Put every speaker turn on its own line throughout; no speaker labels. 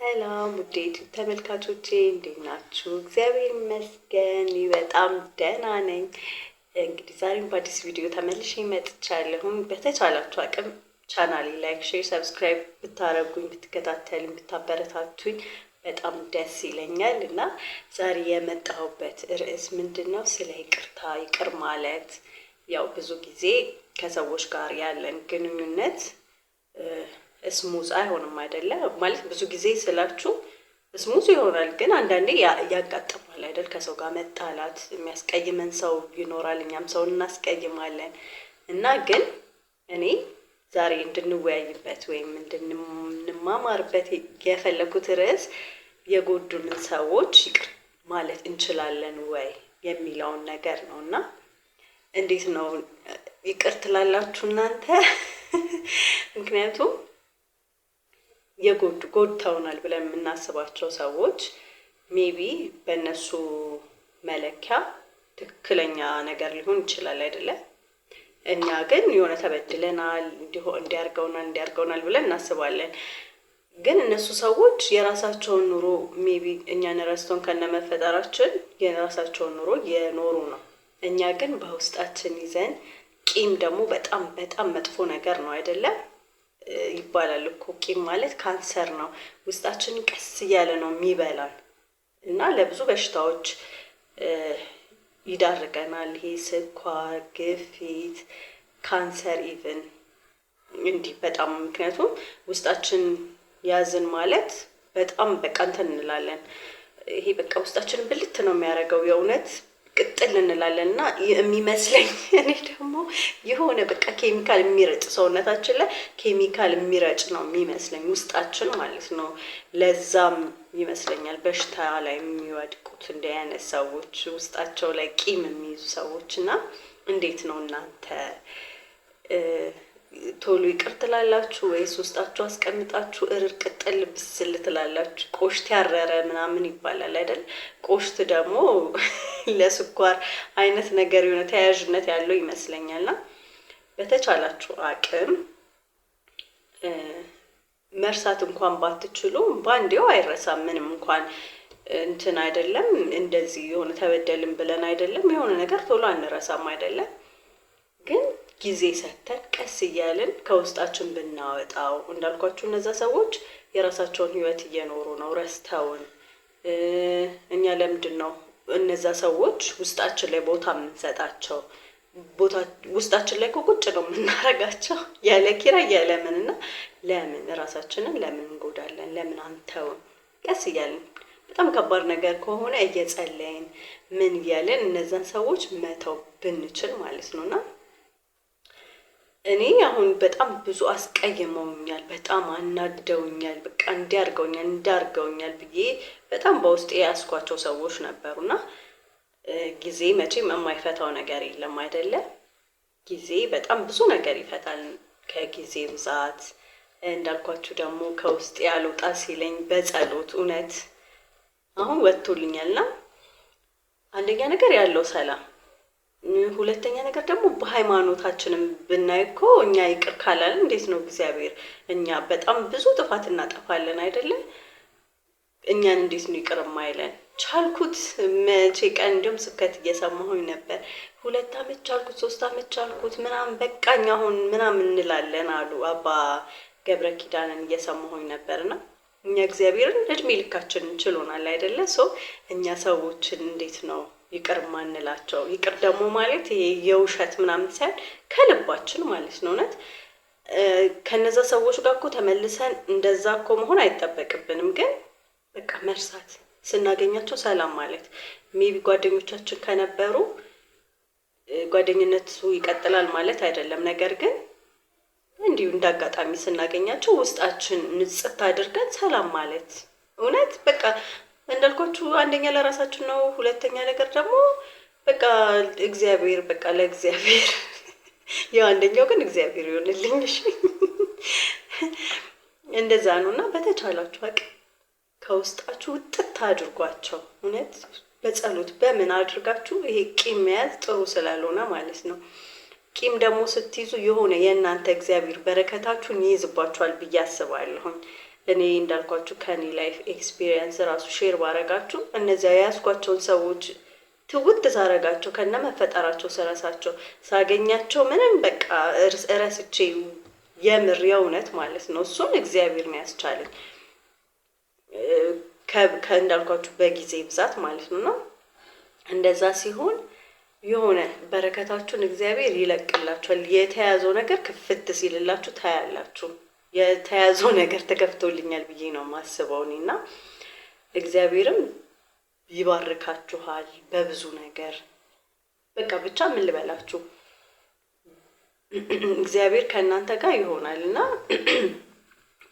ሰላም ውዴት ተመልካቾቼ እንዴት ናችሁ? እግዚአብሔር ይመስገን በጣም ደህና ነኝ። እንግዲህ ዛሬም በአዲስ ቪዲዮ ተመልሼ መጥቻለሁም። በተቻላችሁ አቅም ቻናል ላይክ፣ ሼር፣ ሰብስክራይብ ብታረጉኝ፣ ብትከታተሉኝ፣ ብታበረታቱኝ በጣም ደስ ይለኛል እና ዛሬ የመጣሁበት ርዕስ ምንድን ነው? ስለ ይቅርታ። ይቅር ማለት ያው ብዙ ጊዜ ከሰዎች ጋር ያለን ግንኙነት ስሙዝ አይሆንም አይደለ? ማለት ብዙ ጊዜ ስላችሁ ስሙዝ ይሆናል፣ ግን አንዳንዴ ያጋጥማል አይደል? ከሰው ጋር መጣላት የሚያስቀይመን ሰው ይኖራል፣ እኛም ሰውን እናስቀይማለን። እና ግን እኔ ዛሬ እንድንወያይበት ወይም እንድንማማርበት የፈለኩት ርዕስ የጎዱንን ሰዎች ይቅር ማለት እንችላለን ወይ የሚለውን ነገር ነው። እና እንዴት ነው ይቅር ትላላችሁ እናንተ? ምክንያቱም የጎድ ጎድተውናል ብለን የምናስባቸው ሰዎች ሜቢ በእነሱ መለኪያ ትክክለኛ ነገር ሊሆን ይችላል አይደለ? እኛ ግን የሆነ ተበድለናል እንዲያርገውናል እንዲያርገውናል ብለን እናስባለን። ግን እነሱ ሰዎች የራሳቸውን ኑሮ ሜቢ እኛን ረስቶን ከነመፈጠራችን የራሳቸውን ኑሮ የኖሩ ነው። እኛ ግን በውስጣችን ይዘን ቂም ደግሞ በጣም በጣም መጥፎ ነገር ነው አይደለም? ይባላል እኮ ቂም ማለት ካንሰር ነው። ውስጣችን ቀስ እያለ ነው የሚበላን እና ለብዙ በሽታዎች ይዳርገናል። ይሄ ስኳር፣ ግፊት፣ ካንሰር ኢቭን እንዲህ በጣም ምክንያቱም ውስጣችን ያዝን ማለት በጣም በቃ እንትን እንላለን። ይሄ በቃ ውስጣችንን ብልት ነው የሚያደርገው የእውነት ቅጥል እንላለን እና የሚመስለኝ እኔ ደግሞ የሆነ በቃ ኬሚካል የሚረጭ ሰውነታችን ላይ ኬሚካል የሚረጭ ነው የሚመስለኝ ውስጣችን ማለት ነው። ለዛም ይመስለኛል በሽታ ላይ የሚወድቁት እንዲህ አይነት ሰዎች ውስጣቸው ላይ ቂም የሚይዙ ሰዎች እና እንዴት ነው እናንተ ቶሎ ይቅር ትላላችሁ ወይስ ውስጣችሁ አስቀምጣችሁ እርር ቅጠል ብስል ትላላችሁ? ቆሽት ያረረ ምናምን ይባላል አይደል? ቆሽት ደግሞ ለስኳር አይነት ነገር የሆነ ተያያዥነት ያለው ይመስለኛልና በተቻላችሁ አቅም መርሳት እንኳን ባትችሉ ባንዴው አይረሳም። ምንም እንኳን እንትን አይደለም እንደዚህ የሆነ ተበደልም ብለን አይደለም የሆነ ነገር ቶሎ አንረሳም አይደለም ጊዜ ሰጥተን ቀስ እያልን ከውስጣችን ብናወጣው እንዳልኳችሁ እነዛ ሰዎች የራሳቸውን ህይወት እየኖሩ ነው ረስተውን። እኛ ለምንድን ነው እነዛ ሰዎች ውስጣችን ላይ ቦታ የምንሰጣቸው? ውስጣችን ላይ ቁጭ ነው የምናረጋቸው ያለ ኪራ እያለምን እና ለምን ራሳችንን ለምን እንጎዳለን? ለምን አንተውን? ቀስ እያልን በጣም ከባድ ነገር ከሆነ እየጸለይን ምን እያለን እነዛን ሰዎች መተው ብንችል ማለት ነው እና እኔ አሁን በጣም ብዙ አስቀይመውኛል፣ በጣም አናደውኛል፣ በቃ እንዲያርገውኛል እንዳርገውኛል ብዬ በጣም በውስጥ ያስኳቸው ሰዎች ነበሩና ጊዜ መቼም የማይፈታው ነገር የለም አይደለ? ጊዜ በጣም ብዙ ነገር ይፈታል። ከጊዜ ብዛት እንዳልኳችሁ ደግሞ ከውስጥ ያልወጣ ሲለኝ በጸሎት እውነት አሁን ወጥቶልኛልና አንደኛ ነገር ያለው ሰላም ሁለተኛ ነገር ደግሞ በሃይማኖታችንም ብናይ እኮ እኛ ይቅር ካላለን እንዴት ነው እግዚአብሔር እኛ በጣም ብዙ ጥፋት እናጠፋለን አይደለም? እኛን እንዴት ነው ይቅር ማይለን? ቻልኩት መቼ ቀን እንዲሁም ስብከት እየሰማሁኝ ነበር። ሁለት ዓመት ቻልኩት፣ ሶስት ዓመት ቻልኩት ምናምን በቃኝ አሁን ምናምን እንላለን አሉ አባ ገብረ ኪዳንን እየሰማሁኝ ነበርና እኛ እግዚአብሔርን እድሜ ልካችን እንችሎናል አይደለ? ሰው እኛ ሰዎችን እንዴት ነው ይቅር ማንላቸው። ይቅር ደግሞ ማለት የውሸት ምናምን ሳይሆን ከልባችን ማለት ነው እውነት ከነዛ ሰዎች ጋር እኮ ተመልሰን እንደዛ እኮ መሆን አይጠበቅብንም። ግን በቃ መርሳት ስናገኛቸው ሰላም ማለት ሜቢ ጓደኞቻችን ከነበሩ ጓደኝነቱ ይቀጥላል ማለት አይደለም። ነገር ግን እንዲሁ እንዳጋጣሚ ስናገኛቸው ውስጣችን ንጽት አድርገን ሰላም ማለት እውነት በቃ እንዳልኳችሁ አንደኛ ለራሳችን ነው። ሁለተኛ ነገር ደግሞ በቃ እግዚአብሔር በቃ ለእግዚአብሔር ያው አንደኛው ግን እግዚአብሔር ይሆንልኝ። እሺ እንደዛ ነው እና በተቻላችሁ አቅም ከውስጣችሁ ውጥት አድርጓቸው እውነት በጸሎት በምን አድርጋችሁ ይሄ ቂም መያዝ ጥሩ ስላልሆነ ማለት ነው። ቂም ደግሞ ስትይዙ የሆነ የእናንተ እግዚአብሔር በረከታችሁን ይይዝባችኋል ብዬ አስባለሁኝ። እኔ እንዳልኳችሁ ከኔ ላይፍ ኤክስፒሪየንስ ራሱ ሼር ባረጋችሁ እነዚያ የያዝኳቸውን ሰዎች ትውት ሳረጋቸው ከነ መፈጠራቸው ስረሳቸው ሳገኛቸው ምንም በቃ እረስቼ የምር የእውነት ማለት ነው። እሱም እግዚአብሔር ነው ያስቻለኝ ከእንዳልኳችሁ በጊዜ ብዛት ማለት ነው። እና እንደዛ ሲሆን የሆነ በረከታችሁን እግዚአብሔር ይለቅላችኋል። የተያዘው ነገር ክፍት ሲልላችሁ ታያላችሁ። የተያዘው ነገር ተከፍቶልኛል ብዬ ነው የማስበው እኔና እግዚአብሔርም ይባርካችኋል በብዙ ነገር። በቃ ብቻ ምን ልበላችሁ እግዚአብሔር ከእናንተ ጋር ይሆናል እና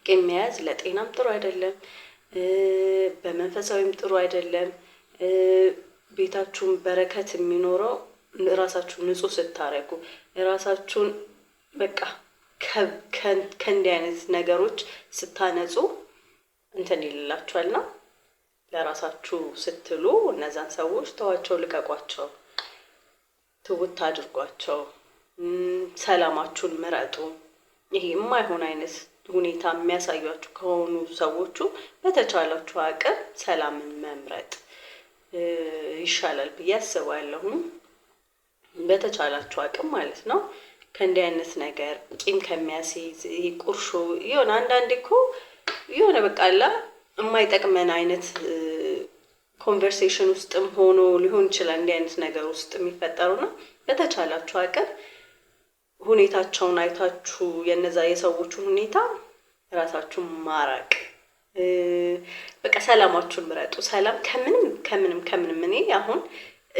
ቂም መያዝ ለጤናም ጥሩ አይደለም፣ በመንፈሳዊም ጥሩ አይደለም። ቤታችሁን በረከት የሚኖረው ራሳችሁን ንጹህ ስታረጉ ራሳችሁን በቃ ከእንዲህ አይነት ነገሮች ስታነጹ እንትን ይልላችኋልና ለራሳችሁ ስትሉ እነዛን ሰዎች ተዋቸው፣ ልቀቋቸው፣ ትውት አድርጓቸው፣ ሰላማችሁን ምረጡ። ይሄ የማይሆን አይነት ሁኔታ የሚያሳያችሁ ከሆኑ ሰዎቹ በተቻላችሁ አቅም ሰላምን መምረጥ ይሻላል ብዬ አስባለሁም። በተቻላችሁ አቅም ማለት ነው። ከእንዲህ አይነት ነገር ቂም ከሚያስይዝ ቁርሾ የሆነ አንዳንዴ እኮ የሆነ በቃላ የማይጠቅመን አይነት ኮንቨርሴሽን ውስጥም ሆኖ ሊሆን ይችላል እንዲህ አይነት ነገር ውስጥ የሚፈጠሩ ነው። በተቻላችሁ አቅም ሁኔታቸውን አይታችሁ የነዛ የሰዎቹን ሁኔታ ራሳችሁን ማራቅ በቃ ሰላማችሁን ምረጡ። ሰላም ከምንም ከምንም ከምንም እኔ አሁን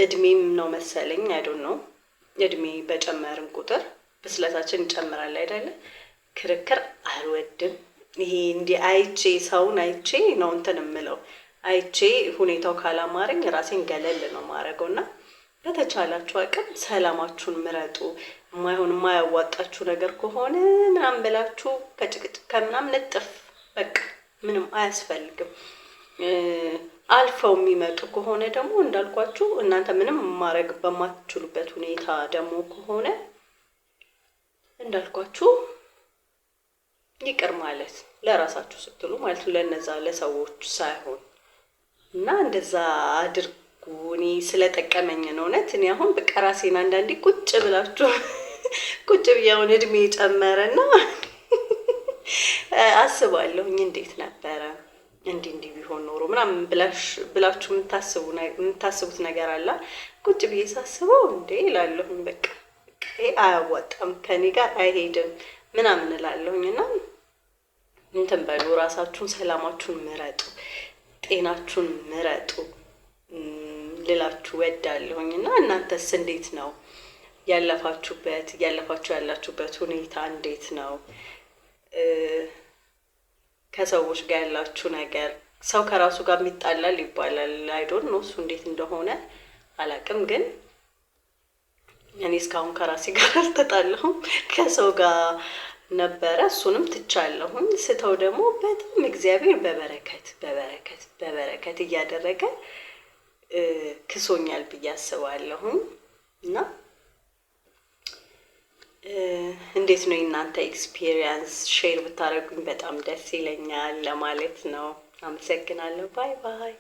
እድሜም ነው መሰለኝ አይዶን ነው እድሜ በጨመርን ቁጥር ብስለታችን እንጨምራል አይደለ? ክርክር አልወድም። ይሄ እንዲህ አይቼ ሰውን አይቼ ነው እንትን የምለው አይቼ ሁኔታው ካላማረኝ ራሴን ገለል ነው ማድረገው እና በተቻላችሁ አቅም ሰላማችሁን ምረጡ። የማይሆን የማያዋጣችሁ ነገር ከሆነ ምናምን ብላችሁ ከጭቅጭቅ ከምናምን ንጥፍ፣ በቃ ምንም አያስፈልግም። አልፈው የሚመጡ ከሆነ ደግሞ እንዳልኳችሁ እናንተ ምንም ማድረግ በማትችሉበት ሁኔታ ደግሞ ከሆነ እንዳልኳችሁ ይቅር ማለት ለራሳችሁ ስትሉ ማለት ለነዛ ለሰዎች ሳይሆን እና እንደዛ አድርጉ። እኔ ስለጠቀመኝ ነው። እውነት እኔ አሁን በቃ ራሴን አንዳንዴ ቁጭ ብላችሁ ቁጭ ብዬ እድሜ ጨመረና አስባለሁኝ እንዴት ነበረ እንዲህ እንዲህ ቢሆን ኖሮ ምናምን ብላችሁ የምታስቡት ነገር አላ ቁጭ ብዬ ሳስበው እንዴ ይላለሁኝ በቃ ይሄ አያዋጣም፣ ከኔ ጋር አይሄድም ምናምን እላለሁኝ እና እንትን በሉ ራሳችሁን፣ ሰላማችሁን ምረጡ፣ ጤናችሁን ምረጡ ልላችሁ ወዳለሁኝ እና እናንተስ እንዴት ነው ያለፋችሁበት? እያለፋችሁ ያላችሁበት ሁኔታ እንዴት ነው? ከሰዎች ጋር ያላችሁ ነገር ሰው ከራሱ ጋር ይጣላል ይባላል። አይዶን ነው እሱ እንዴት እንደሆነ አላቅም ግን እኔ እስካሁን ከራሴ ጋር አልተጣላሁም፣ ከሰው ጋር ነበረ። እሱንም ትቻለሁኝ። ስተው ደግሞ በጣም እግዚአብሔር በበረከት በበረከት በበረከት እያደረገ ክሶኛል ብዬ አስባለሁኝ እና እንዴት ነው የእናንተ ኤክስፒሪየንስ? ሼር ብታደርጉኝ በጣም ደስ ይለኛል ለማለት ነው። አመሰግናለሁ። ባይ ባይ።